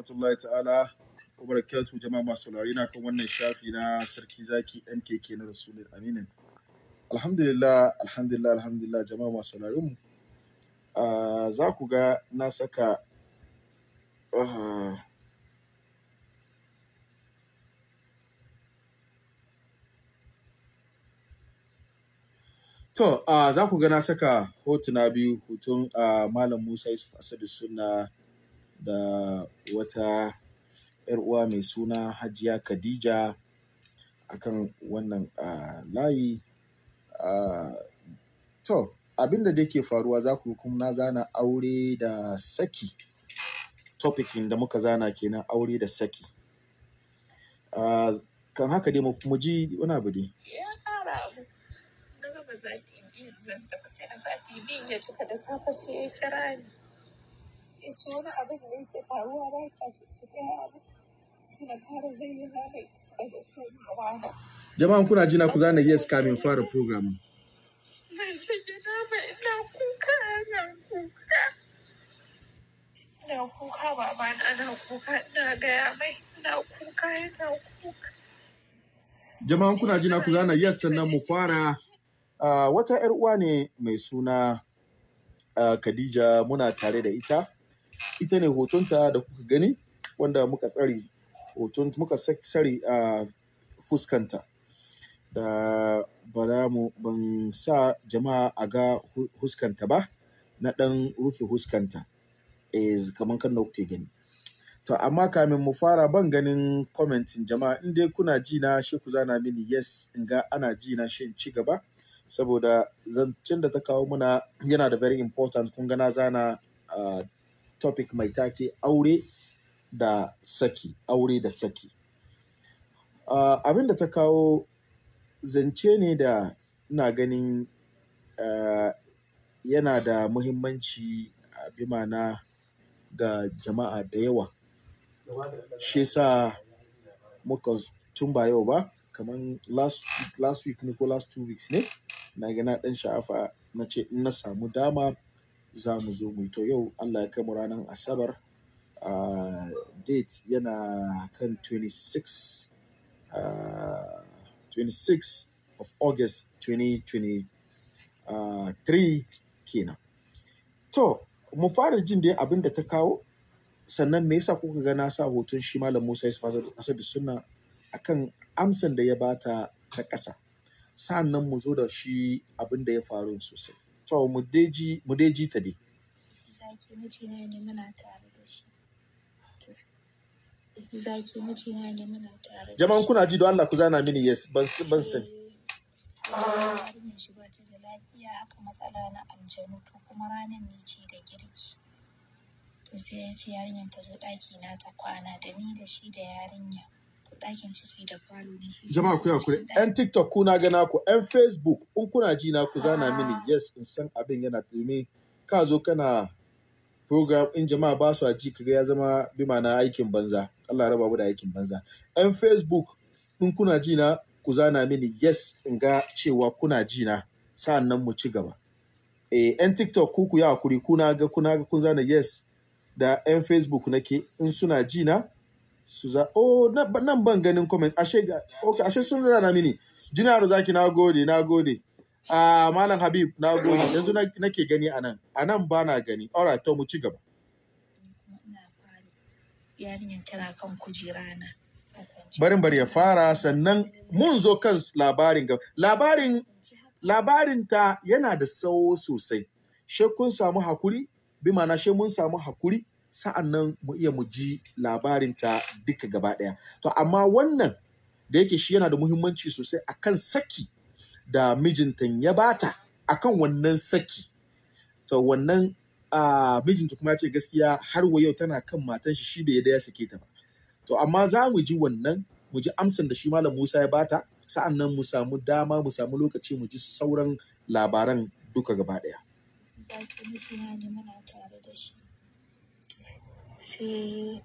rahmatullahi ta'ala wa barakatuhu jama'a masu saurari na kan wannan shafi na sarki zaki MKK na Rasulul Aminin. Alhamdulillah, alhamdulillah, alhamdulillah jama'a masu saurari mu. za ku ga na saka ah, To, za ku ga na saka hotuna biyu hoton Malam Musa Yusuf Asadu suna da wata 'yar uwa mai suna Hajiya Khadija akan wannan layi to abin da ke faruwa za ku kuma na zana aure da saki topikin da muka zana kenan aure da saki kan haka dai mu ji wani abu dai ba za ta yi biyu zan taɓa sai a sati biyu ya cika da safe sai ya kira ni ce abin da yake faruwa ba ta su ci ba sai na na. Jama'an kuna jina ku zane yes kamin fara program. Na na Jama'an kuna jina ku zane yes sannan mu fara wata 'yar uwa ne mai suna a Khadija muna tare da ita. ita ne hotonta da kuka gani wanda muka tsari hoton muka tsare a fuskanta da za mu ban sa jama'a a ga huskanta ba na ɗan rufe huskanta eh, kamar kan da kuke gani to amma kamin mu fara ban ganin komentin jama'a in dai kuna ji na shi ku zana mini yes in ga ana ji na shi in ci gaba saboda zancen da ta kawo muna yana da very important kun gana zana uh, topic mai take aure da saki aure da saki uh, abin da ta kawo zance ne da ina ganin uh, yana da muhimmanci a ah, bi mana ga jama'a da yawa shi sa muka tun ba yau ba kamar last week last week ne ko last two weeks ne na gana dan sha'afa na ce na samu dama za mu zo mu yi to yau Allah ya kai mu ranar Asabar uh, date yana kan 26 uh, 26 of August 2023 kenan to mu fara jin da abin da ta kawo sannan me yasa kuka ga na sa hoton shi malam Musa Yusuf Asabi Sunna akan amsan da ya bata ta ƙasa Sannan mu zo da shi abin da ya faru sosai to mu dai ji ta dai zaki mijina ne muna tare da shi zaki mijina ne muna tare da jama'an kuna ji don Allah ku zana mini yes ban ban san. Eh, Ina shi ba ta da lafiya haka matsala na aljanu to kuma ranar ne ce da girki to sai ya ce yarinyar ta zo ɗaki na ta kwana da ni da shi da yarinya ɗakin Jama'a ku yakuri, ‘yan TikTok kuna gana ku, ‘yan Facebook in kuna ji na ku zana ah. mini yes in san abin yana domin ka zo kana program in jama'a ba su ji kaga ya zama bi na aikin banza. Allah raba mu da aikin banza. ‘Yan Facebook in kuna ji na ku zana mini yes in ga cewa kuna ji na sa'an nan mu ci gaba. Eh, ‘yan TikTok ku ku yi hakuri kuna ga kuna ga kun zana yes da ‘yan Facebook nake in suna ji na su za oh nan ban ganin comment ashe ga, okay ashe sun zana mini Jinaro zaki na gode na gode ah malam Habib na gode yanzu nake gani anan anan ba na gani alright to mu ci gaba tana kan kujera na barin bari ya fara sannan mun zo kan labarin ga labarin labarin ta yana da tsawo sosai she kun samu hakuri bi ma'ana she mun samu hakuri sa'annan mu iya mu ji labarinta duka gaba ɗaya to amma wannan da yake shi yana da muhimmanci sosai akan saki da mijinta ya bata akan wannan saki to wannan mijinta kuma ya ce gaskiya har wa yau tana kan matan shi shi da yadda ya sake ta ba to amma za mu ji wannan mu ji amsan da shi malam Musa ya bata sa'an nan mu samu dama mu samu lokaci mu ji sauran labaran duka gaba ɗaya. Zaki mijina ne muna tare da shi. sai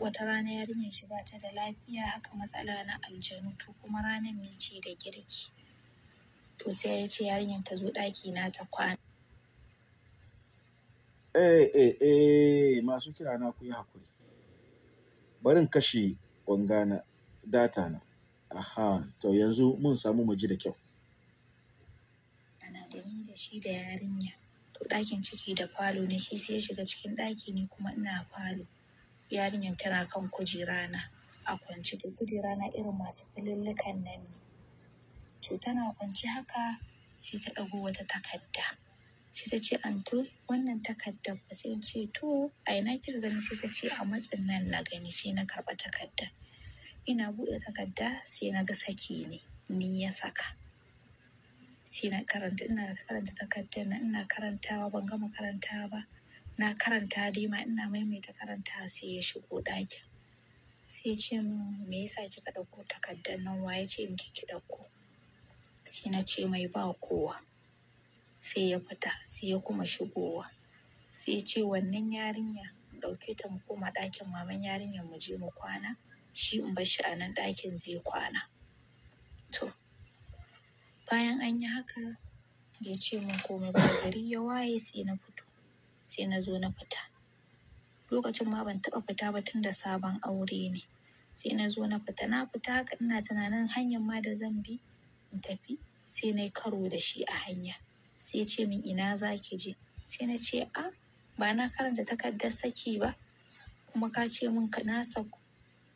wata rana yarinyar shi ba ta da lafiya haka matsala na aljanu to kuma ranar ni ce da girki to sai ya ce yarinyar ta zo ɗaki na ta kwana. Eh, eh eh masu kira na ku yi hakuri. Barin kashe na, data na. Aha, to yanzu mun samu mu ji da kyau. Ana da ni da shi da yarinya. to ɗakin ciki da falo na shi sai ya shiga cikin ɗaki ne kuma ina falo yarinyar tana kan kujera na a kwance da kujerana irin masu filillikan nan ne to tana kwance haka sai ta ɗago wata takarda sai ta ce an to wannan takarda ba sai ce to a ina kika gani sai ta ce a matsin nan na gani sai na karɓa takarda ina buɗe takarda sai na ga saki ne ni ya saka sai na karanta ina karanta takardar na ina karantawa ban gama karantawa ba na karanta dai ma ina maimaita karanta sai ya shigo ɗakin sai ce min me yasa kika ɗauko takardar nan wa ya ce miki ki ɗauko sai na ce mai ba kowa sai ya fita sai ya kuma shigowa sai ce wannan yarinya ɗauke ta mu koma ɗakin maman yarinyar mu je mu kwana shi in bar shi a nan ɗakin zai kwana to Bayan an yi haka bai ce min komai ba gari ya waye sai na fito sai na zo na fita. Lokacin ma ban taɓa fita ba tun da sabon aure ne. Sai na zo na fita, na fita haka ina tunanin hanyar ma da zan bi in tafi sai na karo da shi a hanya. Sai ya ce min ina za ki je? Sai na ce a ba na karanta takardar saki ba kuma ka ce min ka na saku.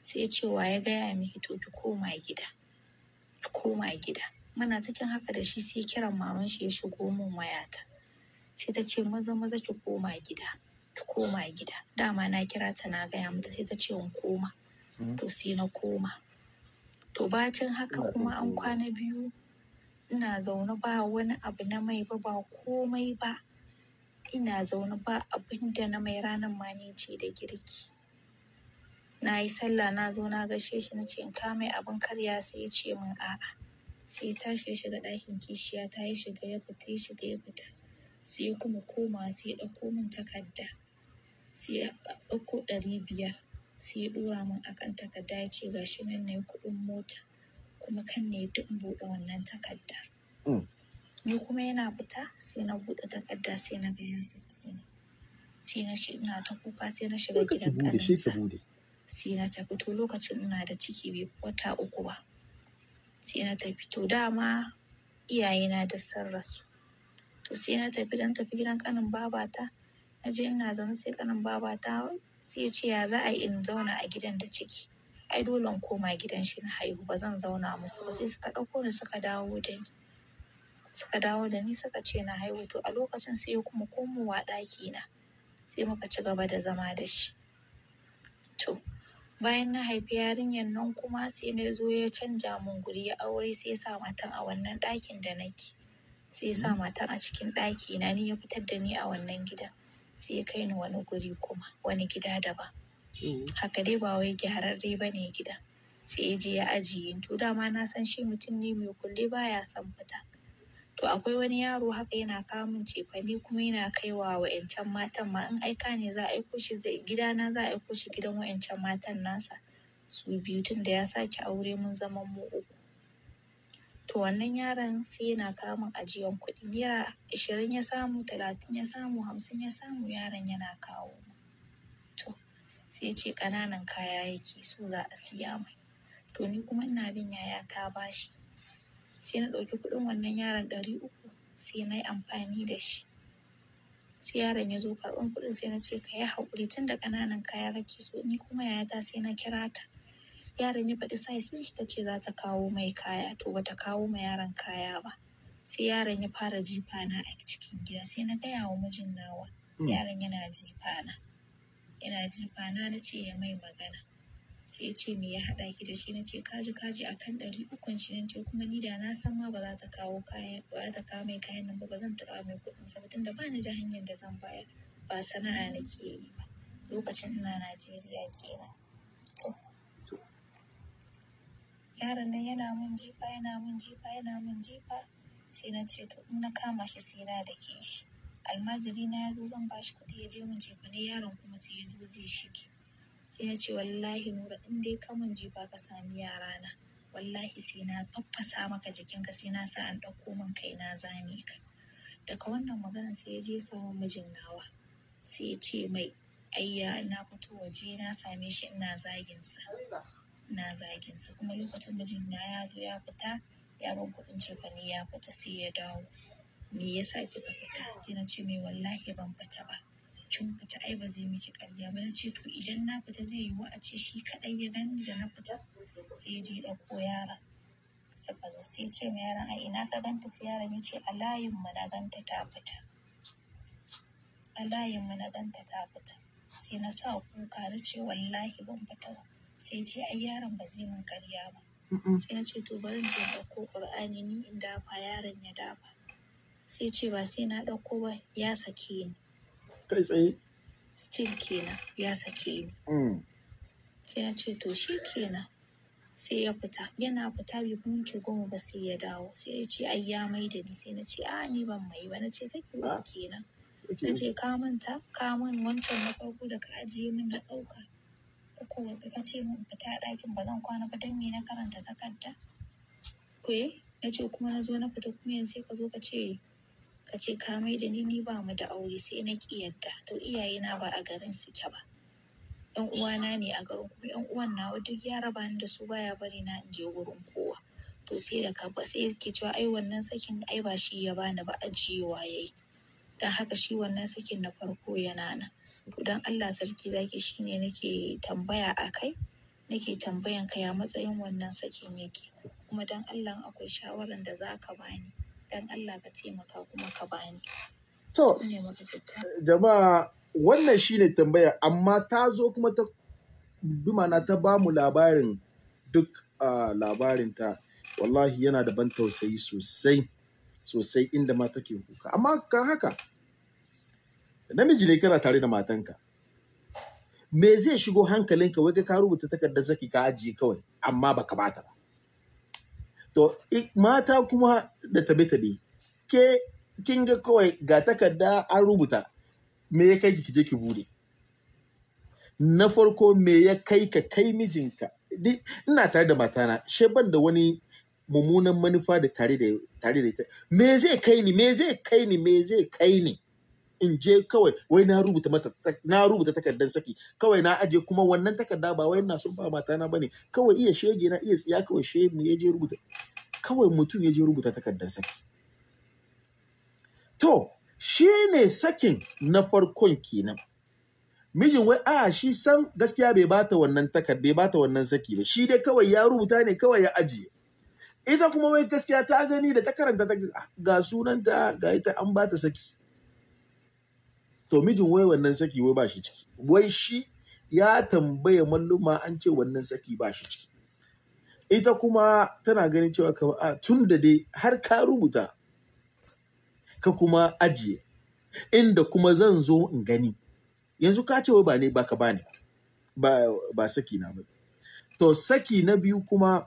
Sai ya ce wa ya gaya miki to ki koma gida, ki koma gida. muna cikin haka da shi sai kiran maman shi ya shigo min wayata sai ta ce maza maza ki koma gida ki koma gida dama na kira ta na gaya mata sai ta ce in koma mm-hmm. to sai na koma to bacin haka kuma an kwana biyu ina zaune ba wani abu na mai ba ba komai ba ina zaune ba abin da na mai ranar ma ce da girki na yi sallah na zo na gaishe shi na ce in ka mai abin karya sai ya ce min a'a sai ya tashi ya shiga ɗakin kishiya ta yi shiga ya fita ya shiga ya fita sai ya kuma koma sai ya ɗauko min takarda sai ya ɗauko ɗari biyar sai ya ɗora min akan takarda ya ce gashi nan ne kuɗin mota kuma kan ne duk in buɗe wannan takarda. Mm. Ni kuma yana fita sai na buɗe takarda sai na ga ya sake ni. Sai na ina ta kuka sai na shiga gidan ƙaninsa. Sai na tafi to lokacin ina da ciki bai wata uku ba. sai na tafi to dama na da sun rasu to sai na tafi dan tafi gidan kanin babata na je ina zaune sai kanin babata sai ya ce ya za a in zauna a gidan da ciki ai dole in koma gidan shi na haihu ba zan zauna musu ba sai suka dauko ni suka dawo da ni suka dawo da ni suka ce na haihu to a lokacin sai ya kuma komowa na sai muka ci gaba da zama da shi Bayan na haifi yarinyar nan kuma sai na zo ya canja mun guri ya aure sai ya sa matan a wannan ɗakin da nake. Sai ya sa mm. matan a cikin ɗaki na ni ya fitar da ni a wannan gidan. Sai ya kai ni wani guri kuma wani gida daban. Mm. Haka dai ba wai gyararre ba ne gida Sai ya je ya ajiye ni. To dama na san shi mutum ne mai kulle baya son fita. to akwai wani yaro haka yana kawo min cefane kuma yana kaiwa wa'incan matan ma in aika ne za a aiko shi gidana za a aiko shi gidan wa'incan matan nasa su biyu tun da ya sake aure mun zama mu uku to wannan yaron sai yana kawo min ajiyan kuɗi naira ashirin ya samu talatin ya samu hamsin ya samu yaron yana kawo min to sai ce ƙananan kaya yake so za a siya mai to ni kuma ina bin yaya ta bashi sai na ɗauki kuɗin wannan yaron ɗari uku sai na yi amfani da shi sai yaron ya zo karɓan kuɗin sai na ce ka yi haƙuri tun da ƙananan kaya kake so ni kuma yayata sai na kira ta yaron ya faɗi size ɗin shi ta ce za ta kawo mai kaya to bata kawo ma yaron kaya ba sai yaron ya fara jifa na a cikin gida sai na gaya wa mijin nawa mm. yaron yana jifa na yana jifa na ce ya mai magana sai ce me ya haɗa ki da shi na ce kaji kaji kan ɗari ukun shi na ce kuma ni da na san ma ba za ta kawo kayan ba za ta kawo mai kayan nan ba ba zan taɓa mai kuɗin sa tunda ba ni da hanyar da zan baya, ba sana'a nake yi ba lokacin ina Najeriya kenan to yaron nan yana min jifa yana min jifa yana min jifa sai na ce to in na kama shi sai na dake shi almajiri na ya zo zan ba shi kuɗi ya je mun jefa ne yaron kuma sai ya zo zai shige sai ya ce wallahi nura in dai ka mun ba ka sami yara na wallahi sai na faffasa maka jikin ka sai na sa an ɗauko min kai na zame ka daga wannan maganar sai ya je samun mijin nawa sai ya ce mai ayya na fito waje na same shi ina zagin sa ina zagin sa kuma lokacin mijin na ya zo ya fita ya ban kuɗin cefani ya fita sai ya dawo me yasa kika fita sai na ce mai wallahi ban fita ba kin fita ai ba zai miki ƙarya ba ce to idan na fita zai wa a ce shi kaɗai ya gani da na fita sai ya je ɗauko yaran suka zo sai ce ma yaran a ina ka ganta sai yaran ya ce a layin mu na ganta ta fita a layin mu na ganta ta fita sai na sa kuka na ce wallahi ban fita ba sai ce ai yaron ba zai min ƙarya ba sai na ce to bari je ɗauko ƙur'ani ni in dafa yaron ya dafa sai ce ba sai na ɗauko ba ya sake ni kai tsaye still kenan ya sake ni mm. sai ya ce to shi kenan sai ya fita yana fita bai fi minti goma ba sai ya dawo sai ya ce ai ya mai da ni sai na ce a ni ban mai ba na ce sake ba ah, kenan na ce ka manta ka man wancan na farko da ka ajiye min na ɗauka uku ka ce min fita ɗakin ba zan kwana ba dan me na karanta takarda ko eh? na ce kuma na zo na fita kuma yanzu sai ka zo ka ce ka ce ka mai da ni ni ba mu da aure sai na ki yadda to na ba a garin suke ba yan uwana ne a garin kuma yan uwan wa duk ya raba ni da su baya bari na in je wurin kowa to sai da ka ba sai ke cewa ai wannan sakin ai ba shi ya bani ba ajiyewa yi. dan haka shi wannan sakin na farko yana nan to dan Allah sarki zaki shine nake tambaya a kai nake tambayan ka ya matsayin wannan sakin yake kuma dan Allah akwai shawaran da za ka bani dan Allah ka taimaka kuma ka bani. To, jama'a wannan shine tambaya amma ta zo kuma ta bi mana ta ba mu labarin duk labarinta wallahi yana da ban tausayi sosai sosai inda mata ke kuka amma kan haka namiji ne kana tare da matanka me zai shigo hankalinka wai ka rubuta takardar zaki ka ajiye kawai amma baka bata ba to mata kuma da tabe ke kin ga kawai ga takarda an rubuta me ya kai ki je ki bude na farko me ya kai ka kai mijinka ina tare da matana she ban da wani mummunan manufa da tare da tare da ita me zai kai ni me zai kai ni me zai kai ni in je kawai wai na rubuta mata na rubuta takardar saki kawai na aje kuma wannan takarda ba wai na sun ba mata na bane kawai iya shege na iya tsiya kawai she mu je rubuta kawai mutum ya je rubuta takardar saki to shi ne sakin na farkon kenan mijin wai a ah, shi san gaskiya bai bata wannan takar bai bata wannan saki ba shi dai kawai ya rubuta ne kawai ya ajiye ita kuma wai gaskiya ta gani da ta karanta ah, ga sunanta ga ita an bata saki to mijin wai wannan saki wai ba shi ciki wai shi ya tambaya malluma an ce wannan saki ba shi ciki ita kuma tana ganin cewa ka a tun da dai har ka rubuta ka kuma ajiye inda kuma zan zo in gani yanzu ka ce wai ba ne ba ka bani ba ba saki na bane to saki na biyu kuma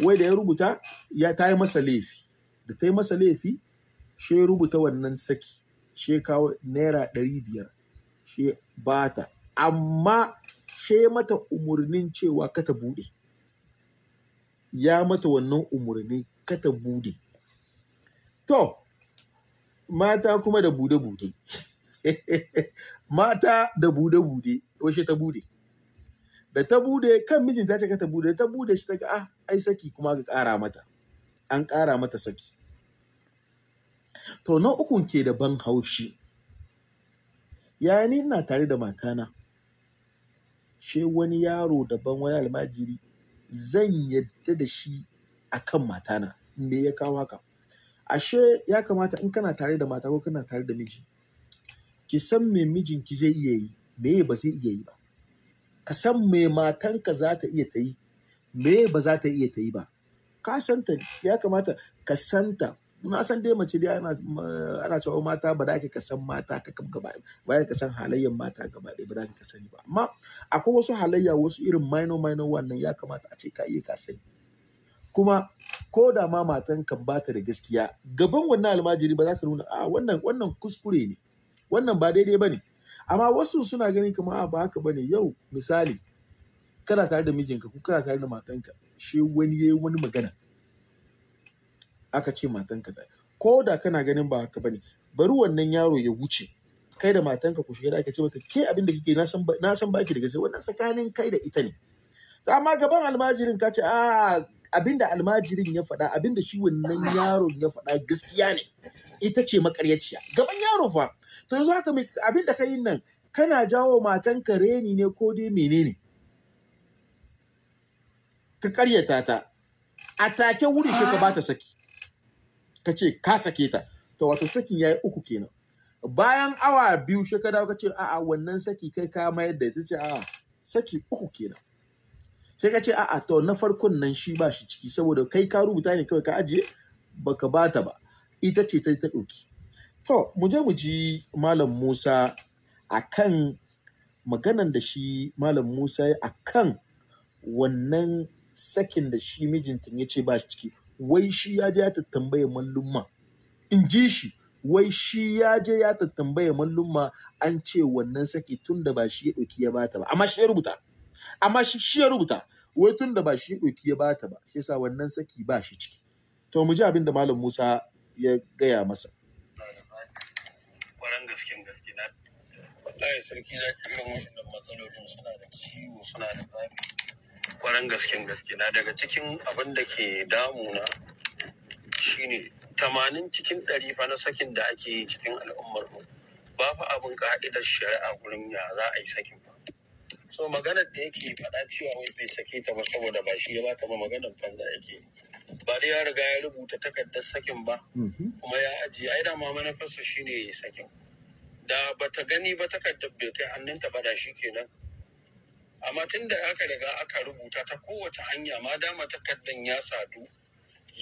wai da ya rubuta ya ta yi masa laifi da ta yi masa laifi shi ya rubuta wannan saki she kawo naira ɗari biyar she bata amma she mata umurnin cewa kata bude ya mata wannan umurni kata bude to mata kuma da bude-bude mata da bude-bude washe ta bude da ta bude kan mijinta ce kata bude ta bude shi ta ga ah ai saki kuma ka ƙara mata an ƙara mata saki to na ukun ke da ban haushi yaya ina tare da matana she wani yaro daban wani almajiri zan yadda da shi akan matana me ya kawo haka ashe ya kamata in kana tare da mata ko kana tare da miji ki san me mijinki zai iya yi me ba zai iya yi ba ka san me matanka za ta iya ta yi me ba za ta iya ta yi ba ka santa ya kamata ka santa na san dai mace dai ana cewa mata ba za ka san mata ka gaba ba ka san halayyar mata gaba ɗaya ba za ka sani ba amma akwai wasu halayya wasu irin maino maino wannan ya kamata a ce ka iya ka sani kuma ko da ma matan kan bata da gaskiya gaban wannan almajiri ba za ka nuna a ah, wannan wannan kuskure ne wannan ba daidai ba ne amma wasu suna ganin kamar a ah, ba haka ba ne yau misali kana tare da mijinka ko kana tare da matanka shi wani yayi wani magana aka ce matanka ta ko da kana ganin ba haka bane bari wannan yaro ya wuce kai da matanka ku shiga da aka ce mata ke abin da kike na san baki da gaske wannan tsakanin kai da ita ne ta amma gaban almajirin ka ce a ah, abin da almajirin ya faɗa abin da shi wannan yaron ya faɗa gaskiya ne ita ce makaryaciya gaban yaro fa to yanzu haka abin da kai nan kana jawo matanka reni ne ko dai menene ka karyata ta a take wuri shi ka ta saki ka ce ka sake ta to wato sakin ya yi uku kenan bayan awa biyu sai ka dawo ka ce a'a wannan saki kai ka mayar da ita ce a'a saki uku kenan sai ka ce a'a to na farkon nan shi ba shi ciki saboda kai ka rubuta ne kawai ka ajiye baka bata ba ita ce ta ta ɗauki to mu je mu ji malam Musa akan maganan da shi malam Musa akan wannan sakin da shi mijinta ya ce ba shi ciki wai shi ya je ya tattambaye mallumma in ji shi wai shi ya je ya tattambaye mallumma an ce wannan saki tun da ba shi ya ɗauki ya bata ba amma shi ya rubuta amma shi ya rubuta wai tun da ba shi ya ɗauki ya bata ba shi yasa wannan saki ba shi ciki to mu ji abin da malam Musa ya gaya masa kwaran gasken gaske na wallahi sarki zaki irin wannan matsalolin suna da ciwo suna da zafi kwaran gasken gaske na daga cikin abin da ke damuna shine tamanin cikin ɗari fa na sakin da ake yi cikin al'ummar mu ba fa abin ka'idar shari'a wurin ya za a yi sakin ba so maganar da yake faɗa cewa wai bai sake ta ba saboda ba shi ya ba ta ba maganar banza yake ba dai ya riga ya rubuta takardar sakin ba mhm. kuma ya ajiye ai da ma manufarsa shine sakin da bata gani ba takardar bai kai hannunta ba da shi kenan amma tun da aka riga aka rubuta ta kowace hanya ma dama takardan ya sadu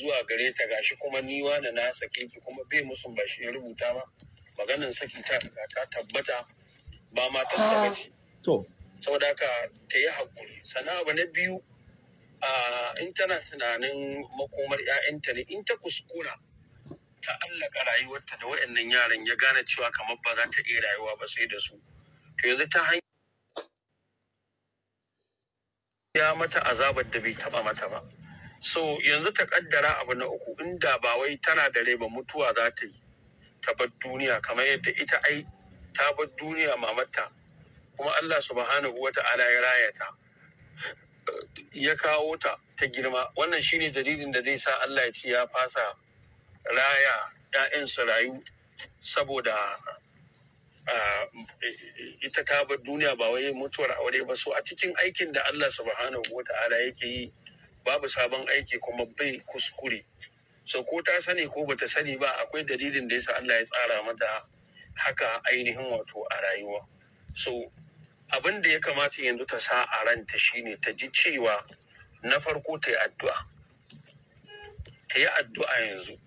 zuwa gare ta gashi kuma niwa na na sake ki kuma bai musu ba shi ya rubuta ba maganin saki ta riga ta tabbata ba ma ta sakaci ah. to saboda ka ta yi hakuri sana'a ba na biyu a in tunanin makomar 'ya'yanta ne in ta kuskura ta allaka rayuwarta da waɗannan yaran ya gane cewa kamar ba za ta iya rayuwa ba sai da su to yanzu ta hanyar ya mata azabar da bai taba mata ba so yanzu ta kaddara abu na uku inda ba wai tana da rai ba mutuwa za ta yi ta bar duniya kamar yadda ita ai ta bar duniya mamata kuma Allah subhanahu wa ta'ala ya raya ta ya kawo ta ta girma wannan shine dalilin da zai sa Allah ya ci ya fasa raya 'ya'yansa rayu saboda E, ita ta bar duniya ba wai mutuwar aure ba so a cikin aikin da Allah subhanahu wa ta'ala yake yi babu sabon aiki kuma bai kuskure so ko ta sani ko ba ta sani ba akwai dalilin da yasa Allah ya tsara mata haka ainihin wato a rayuwa so abin da ya kamata yanzu ta sa a ranta shine ta ji cewa na farko ta yi addu'a ta yi addu'a yanzu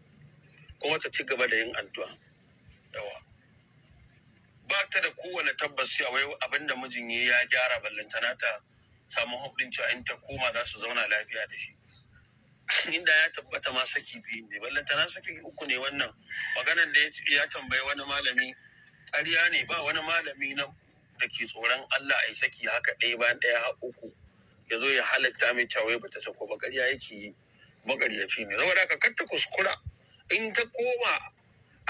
kuma ta ci gaba da yin addu'a ba ta da kowane tabbas cewa wai abin da mijin ya ya gyara ballantana ta samu hudun cewa in ta koma za su zauna lafiya da shi inda ya tabbata ma saki biyu ne ballantana saki uku ne wannan maganar da ya tambayi wani malami ƙarya ne ba wani malami na da ke tsoron Allah a yi saki haka ɗaya bayan ɗaya har uku ya zo ya halatta mai cewa ba ta sako ba ƙarya yake yi magaryaci ne saboda haka kar ta kuskura in ta koma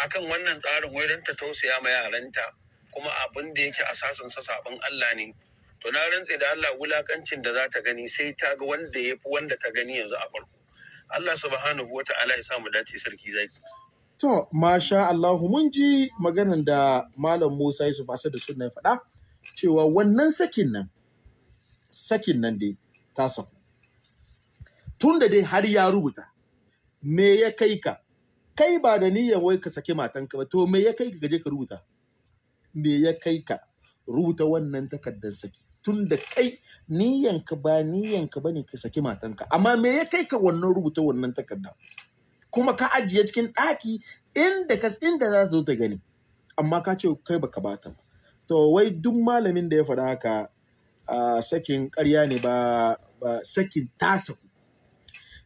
akan wannan tsarin wai don ta tausaya ma yaranta kuma abin da yake asasinsa saɓin Allah ne to na rantse da Allah wulakancin da za ta gani sai ta ga wanda ya fi wanda ta gani yanzu a farko Allah subhanahu wa ta'ala ya samu dace sarki zaki to masha Allah mun ji maganar da malam Musa Yusuf Asad da sunna ya faɗa cewa wannan sakin nan sakin nan dai ta saku tun da dai har ya rubuta me ya kai ka kai ba da niyyar wai ka saki matanka ba to me ya kai ka gaje ka rubuta me ya kai ka rubuta wannan takardar saki tun da kai ka ba ba bane ka saki matanka amma me ya kai ka wannan rubuta wannan takarda kuma ka ajiye cikin ɗaki inda ka inda za ta zo ta gani amma ka ce kai baka bata ba to wai duk malamin da ya faɗa haka sakin ƙarya ne ba ba sakin tasa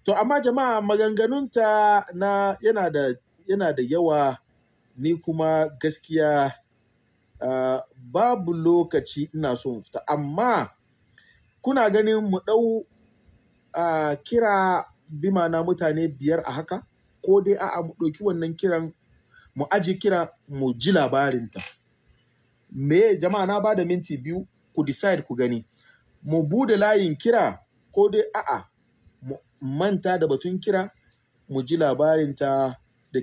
to amma jama'a maganganunta na yana da yana da yawa ni kuma gaskiya Eh, babu lokaci ina so mu fita amma kuna ganin mu ɗau eh, kira bima na mutane biyar a haka ko dai a'a mu ɗauki wannan kiran mu aji kira mu ji labarinta me jama'a na bada minti biyu ku decide ku gani mu bude layin kira ko dai a'a mu manta da batun kira mu ji labarinta da,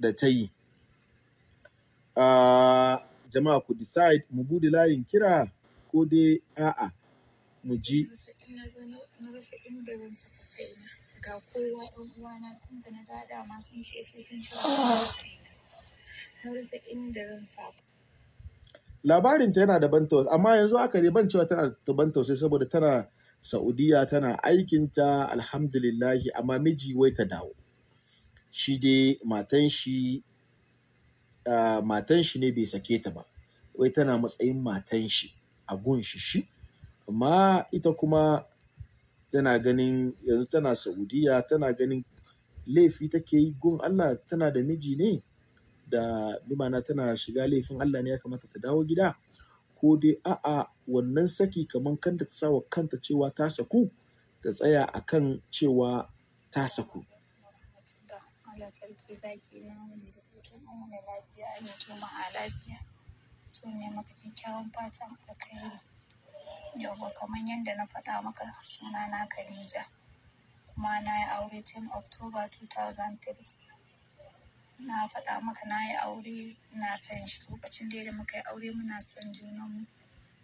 da ta yi eh, jama'a ku decide mu bude layin kira ko dai a'a mu ji ga kowa uwana na ma sun ce sun ci ah. na rasa zan labarin ta yana da ban tausayi amma yanzu aka ne ban cewa tana da ban tausayi saboda tana Saudiya tana aikinta alhamdulillahi amma miji wai ta dawo shi dai matan shi matan shi ne bai sake ta ba wai tana matsayin matan shi a gun shi shi amma ita kuma tana ganin yanzu tana saudiya tana ganin laifi take yi gun allah tana da miji ne da bimana tana shiga laifin allah ne ya kamata ta dawo gida ko dai a'a wannan saki kamar kanta ta sawa kanta cewa ta saku ta tsaya akan cewa ta saku Allah sarki zaki na wani da fatan an wani lafiya an ma a lafiya to ne maka kyakkyawan fatan alkhairi yawwa kamar yadda na faɗa maka suna na Khadija kuma na yi aure tun October 2003 na faɗa maka na yi aure na son shi lokacin da muka yi aure muna son junanmu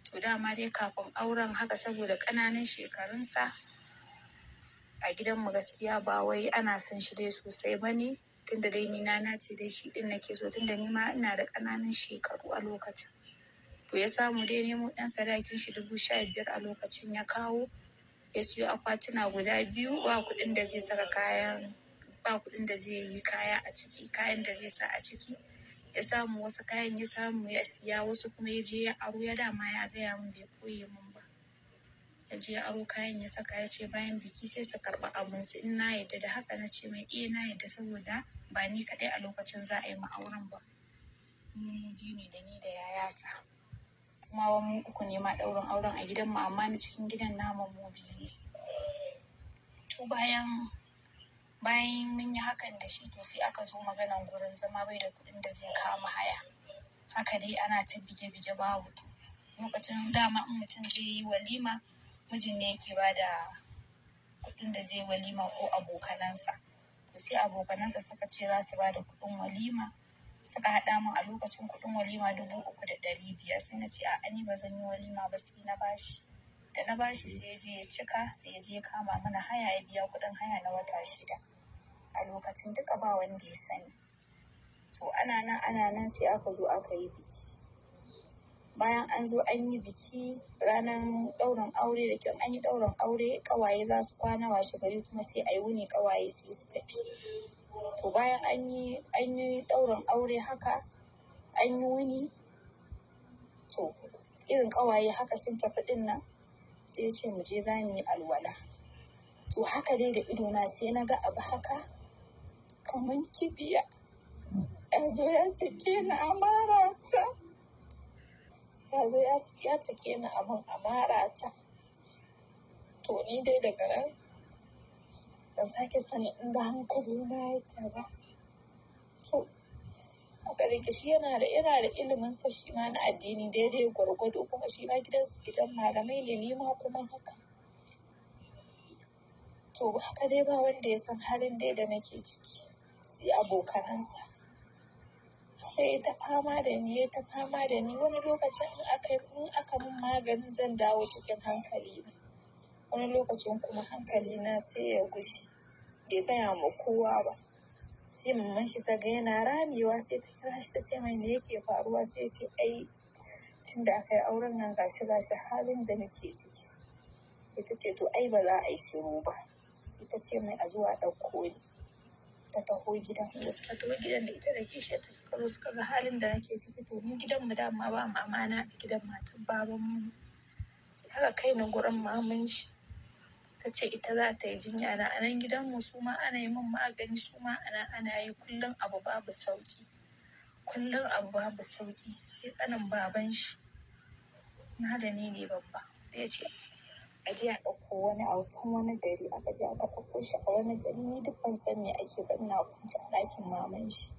to dama dai kafin auren haka saboda ƙananan shekarunsa a gidanmu gaskiya ba wai ana son shi dai sosai ba ne tunda dai ni na nace dai shi din nake so tunda ni ma ina da ƙananan shekaru a lokacin to ya samu dai nemo ɗan sadakin shi dubu sha biyar a lokacin ya kawo ya siyo akwatuna guda biyu ba kuɗin da zai saka kayan ba kuɗin da zai yi kaya a ciki kayan da zai sa a ciki ya samu wasu kayan ya samu ya siya wasu kuma ya je ya aro ya dama ya gaya min bai koye min ya je aro kayan ya saka ya ce bayan biki sai su abun su in na yadda da haka na ce mai eh na yadda saboda ba ni kaɗai a lokacin za a yi ma'auren ba Mun biyu ne da ni da yayata kuma mun uku ne ma ɗaurin auren a gidanmu amma na cikin gidan namu mu biyu ne to bayan bayan mun yi hakan da shi to sai aka zo maganan gurin zama bai da kuɗin da zai kama haya haka dai ana ta bige-bige babu lokacin dama in mutum zai yi walima mijin ne yake ba da kuɗin da zai walima ko abokanansa to sai abokanansa suka ce za su ba da kuɗin walima suka haɗa min a lokacin kuɗin walima dubu uku da ɗari biyar sai na ce a ni ba zan yi walima ba sai na bashi da na bashi sai ya je ya cika sai ya je ya kama mana haya ya biya kuɗin haya na wata shida a lokacin duka ba wanda ya sani to ana nan ana nan sai aka zo aka yi biki bayan an zo an yi biki ranar ɗaurin aure da kyau an yi ɗaurin aure ƙawaye za su kwana washe gari kuma sai a yi wuni ƙawaye sai su tafi to bayan an yi ɗaurin aure haka an yi wuni to irin ƙawaye haka sun tafi ɗin nan sai ce mu je za mu yi alwala to haka dai da ido na sai na ga abu haka kamar kibiya ya zo ya cike na amara ta ya zo ya cike ni abin amara ta to ni dai daga nan ban sake sani inda hankali na yake ba to a shi yana da yana da ilimin sa shi ma na addini daidai gwargwado kuma shi ma gidansu gidan malamai ne ni ma kuma haka to haka dai ba wanda ya san halin dai da nake ciki sai abokanansa sai ta fama da ni ya ta fama da ni wani lokacin in aka in aka min maganin zan dawo cikin hankali wani lokacin kuma hankali na sai ya gushi bai gaya ma kowa ba sai mamman shi ta ga yana ramewa sai ta kira shi ta ce mai me yake faruwa sai ce ai tun da aka yi auren nan gashi gashi halin da muke ciki sai ta ce to ai ba za a yi shiru ba ita ce mai a zuwa ɗauko ni ta taho gidan da suka taho gidan da ita da kishiya ta suka zo suka ga halin da nake ciki to ni gidan mu dama ba mama na a gidan matan baban mu sai aka kai ni gurin mamun shi ta ce ita za ta yi jinya na a nan gidan mu su ma ana yi min magani su ma ana ana yi kullum abu babu sauki kullum abu babu sauki sai kanin baban shi na da ni ne babba sai ya ce aje a ɗauko wani a wutan wani gari aka je a ɗauko shi a wani gari ni duk ban san me ake ba ina kwanci a ɗakin maman shi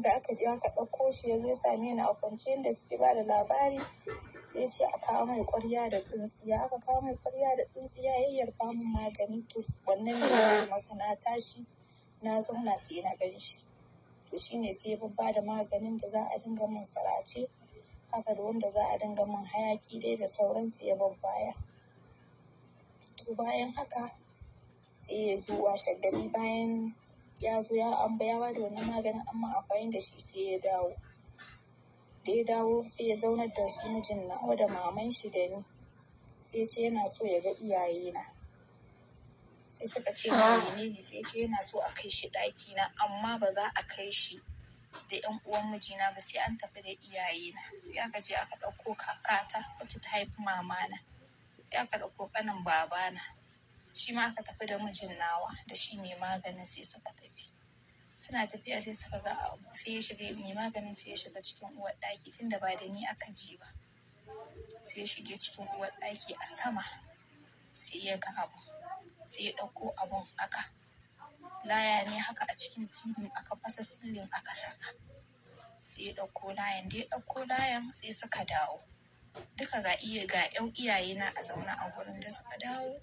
da aka je aka ɗauko shi ya zo ya same ni a kwance inda suke ba da labari sai ce a kawo mai ƙwarya da tsintsiya aka kawo mai ƙwarya da tsintsiya ya yarba min magani to wannan ne ya na tashi na zauna sai na ganshi. to shine sai ya ba da maganin da za a dinga min sarace haka da wanda za a dinga man hayaki dai da sauransu ya babbaya to bayan haka sai ya zo washe gari bayan ya zo ya an ya ba da wani maganin amma amfani da shi sai ya dawo da ya dawo sai ya zaunar da su mijin nawa da maman shi da ni sai ce yana so ya ga iyayena sai suka ce ah. ne sai ce yana so a kai shi ɗaki na amma ba za a kai shi da yan uwan mijina ba sai an tafi da iyayena sai aka je aka ɗauko kakata wacce ta haifi mamana sai aka ɗauko ƙanin babana shi ma aka tafi da mijin nawa da shi mai maganin sai suka tafi suna tafiya sai suka ga abu sai ya shiga mai maganin sai ya shiga cikin uwar ɗaki tunda ba da ni aka je ba sai ya shige cikin uwar ɗaki a sama sai ya ga abu sai ya ɗauko abun aka laya ne haka a cikin silin aka fasa silin aka saka sai ya ɗauko layan da ya ɗauko layan sai suka dawo duka ga iya ga yan iyaye na a zauna a gurin da suka dawo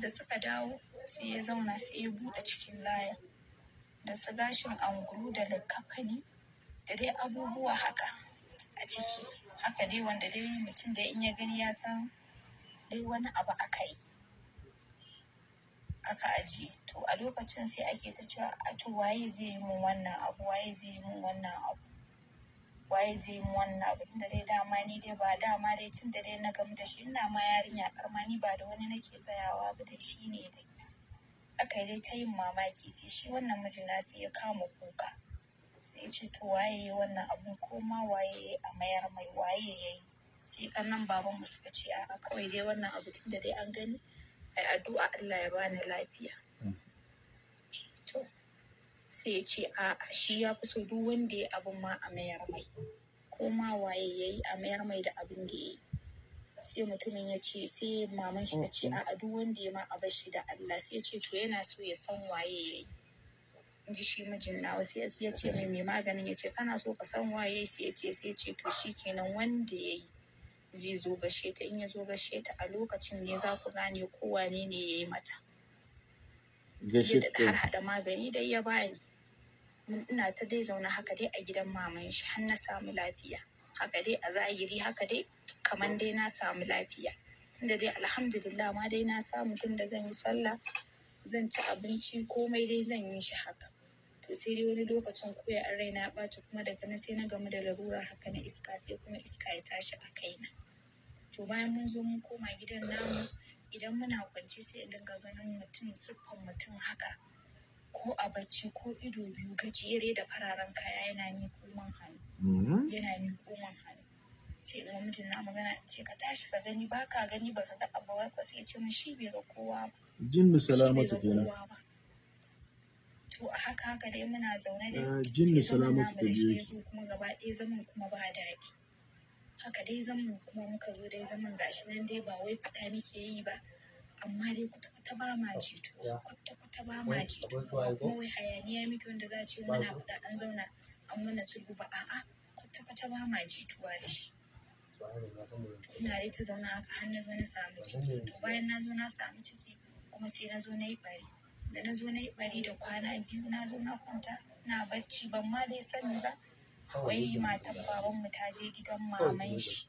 da suka dawo sai ya zauna sai ya buɗe cikin layan da su gashin angulu da likkafani da dai abubuwa haka a ciki haka dai wanda dai mutum da in ya gani ya san dai wani abu aka yi aka aji to a lokacin sai ake ta cewa a to waye zai yi min wannan abu waye zai yi min wannan abu waye zai yi mun wannan abu inda dai dama ni dai ba dama dai tun da dai na gamu da shi ina ma yarinya karma ni ba da wani nake tsayawa ba da shi ne dai aka yi dai ta yin mamaki sai shi wannan mijina sai ya kama kuka sai ce to waye wannan abun ko ma waye a mayar mai waye yayi sai kannan baban mu suka ce a'a kawai dai wannan abu tun da dai an gani ai addu'a Allah ya bani lafiya mm. to sai ya ce a shi ya fi so duk wanda ya abin ma a mayar mai ko ma waye ya yi a mayar mai da abin da ya yi. sai mutumin ya ce sai maman shi ta ce mm. a duk wanda ya ma a bar da Allah sai ya ce to yana so ya san waye ya yi. In ji shi mijin na wasu ya ce mai maganin ya ce kana so ka san waye sai ya ce sai ya ce to shi kenan wanda ya yi. zai zo gashe ta in ya zo gashe ta a lokacin ne za ku gane ko wane ne ya yi mata har haɗa magani dai ya bani ina ta dai zaune haka dai a gidan maman shi har na samu lafiya haka dai a zahiri haka dai kamar dai na samu lafiya tunda dai alhamdulillah ma dai na samu tunda zan yi sallah zan ci abinci komai dai zan yi shi haka sai dai wani lokacin koya an raina ya ɓaci kuma daga nan sai na gamu da larura haka na iska sai kuma iska ya tashi a kaina to bayan mun zo mun koma gidan namu idan muna kwanci sai in dinga ganin mutum siffan mutum haka ko a bacci ko ido biyu gajere da fararen kaya yana miƙo koman hannu mm-hmm. yana koman hannu sai in mijin na magana ce ka tashi ka gani baka gani baka ka ga abu ba sai ce mun shi bai ga kowa ba jin salamatu kenan to a haka haka dai muna zaune da ah, sai zaman namu da shi ya zo kuma gaba ɗaya zaman kuma ba daɗi haka dai zaman kuma muka zo dai zaman gashi nan dai ba wai faɗa muke yi ba amma dai kwata kuta ba ma jitu. kwata kuta ba ma jitu ba kuma wai hayaniya muke wanda za a ce muna faɗa an zauna an na sulhu ba a'a kwata kuta ba ma jituwa da shi ina dai ta zauna haka har na zo na samu ciki to bayan na zo na samu ciki kuma sai na zo na yi bari da na zo na yi bari da kwana biyu na zo na kwanta na bacci ban ma dai sani ba wai matan babanmu ta je gidan maman shi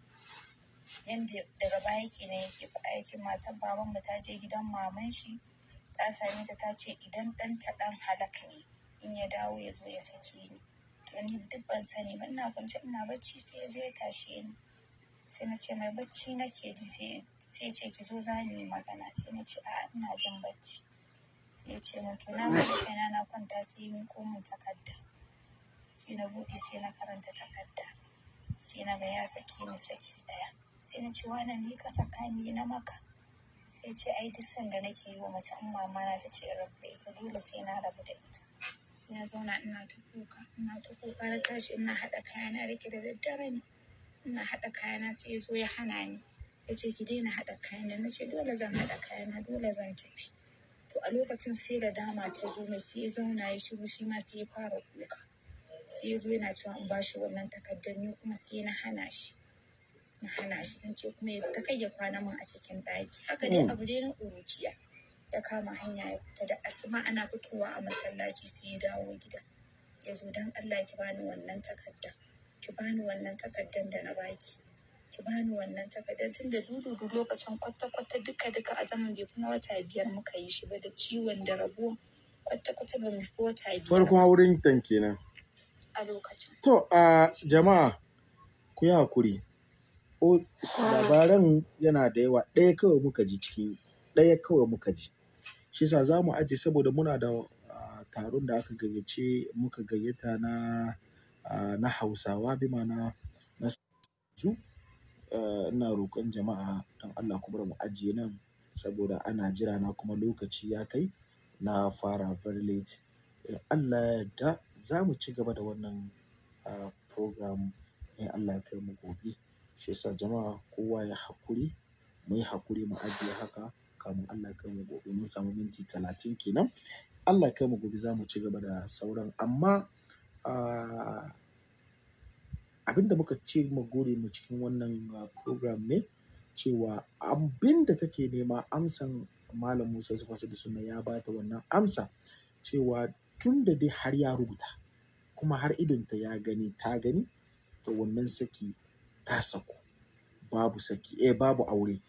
yadda daga baya kenan yake faɗa ya ce matan babanmu ta je gidan maman shi ta same ta ta ce idan ta ɗan halak ne in ya dawo ya zo ya sake ni to ni duk ban sani ba ina kwance ina bacci sai ya zo ya tashe ni sai na ce mai bacci nake ji sai ce ki zo za ni magana sai na ce a'a ina jin bacci sai ce min to na ga kaina na kwanta sai mun koma takarda sai na buɗe sai na karanta takarda sai na ga ya saki ni saki ɗaya sai na ce wannan ni ka saka ni na maka sai ce ai duk sanda nake yi wa mace in mama na ta ce rabbe da ita dole sai na rabu da ita sai na zauna ina ta kuka ina ta kuka na tashi ina haɗa kayana rike da daddare ne ina haɗa kayana sai ya zo ya hana ni ya ce ki daina hada kaya na ce dole zan haɗa kayana dole zan tafi to a lokacin sai da dama ta zo mai sai ya zauna ya shiru shi ma sai ya fara kuka sai ya zo yana cewa in bashi wannan takardar ni kuma sai na hana shi na hana shi zan ce kuma ya ta kai ya kwana min a cikin ɗaki haka dai hmm. abu dai na ƙuruciya ya kama hanya ya fita da asma ana fitowa a masallaci sai ya dawo gida ya zo don Allah ki bani wannan takardar ki bani wannan takardar da na baki ki bani wannan takardar tunda dududu lokacin kwata-kwata duka-duka a zaman bai kuma wata biyar muka yi shi ba da ciwon da rabo kwata-kwata ba mu fi wata biyar. Farkon wurin tan kenan. A lokacin. To a jama'a ku yi hakuri. labaran yana da yawa ɗaya kawai muka ji cikin ɗaya kawai muka ji. Shi sa za mu aje saboda muna da taron da aka gayyace muka gayyata na na Hausawa bi ma na su Eh, ina roƙon jama'a don Allah ku bar mu ajiye nan saboda ana jira na kuma lokaci ya kai na fara very late. In Allah ya yarda za mu ci gaba da wannan ah, program in Allah ya kai mu gobe. Shi yasa jama'a kowa ya hakuri mu yi haƙuri mu ajiye haka kamin Allah ya kai mu gobe. Mun samu minti talatin kenan. Allah ya kai mu gobe za mu ci gaba da sauran amma. Ah, abin da muka ce ma gode mu cikin wannan ah, program ne cewa abin take nema amsan malam Musa Yusuf Asadu suna ya bata wannan amsa cewa tun da dai har ya rubuta kuma har idon ta ya gani ta gani to wannan saki ta sako babu saki eh babu aure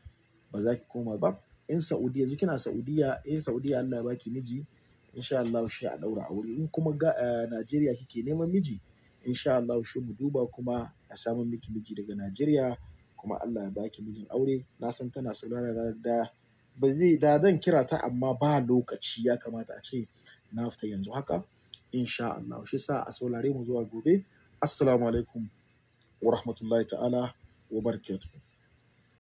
ba za ki koma ba in Saudiya yanzu kina Saudiya in Saudiya Allah ya baki miji insha Allah shi a daura aure in kuma ga eh, Najeriya kike neman miji insha Allah shi mu duba kuma a samun miki miji daga Najeriya kuma Allah ya baki mijin aure na san tana saurara da ba zai da zan kira ta amma ba lokaci ya kamata a ce na fita yanzu haka insha Allah shi sa a saurare mu zuwa gobe assalamu alaikum wa rahmatullahi ta'ala wa barakatuh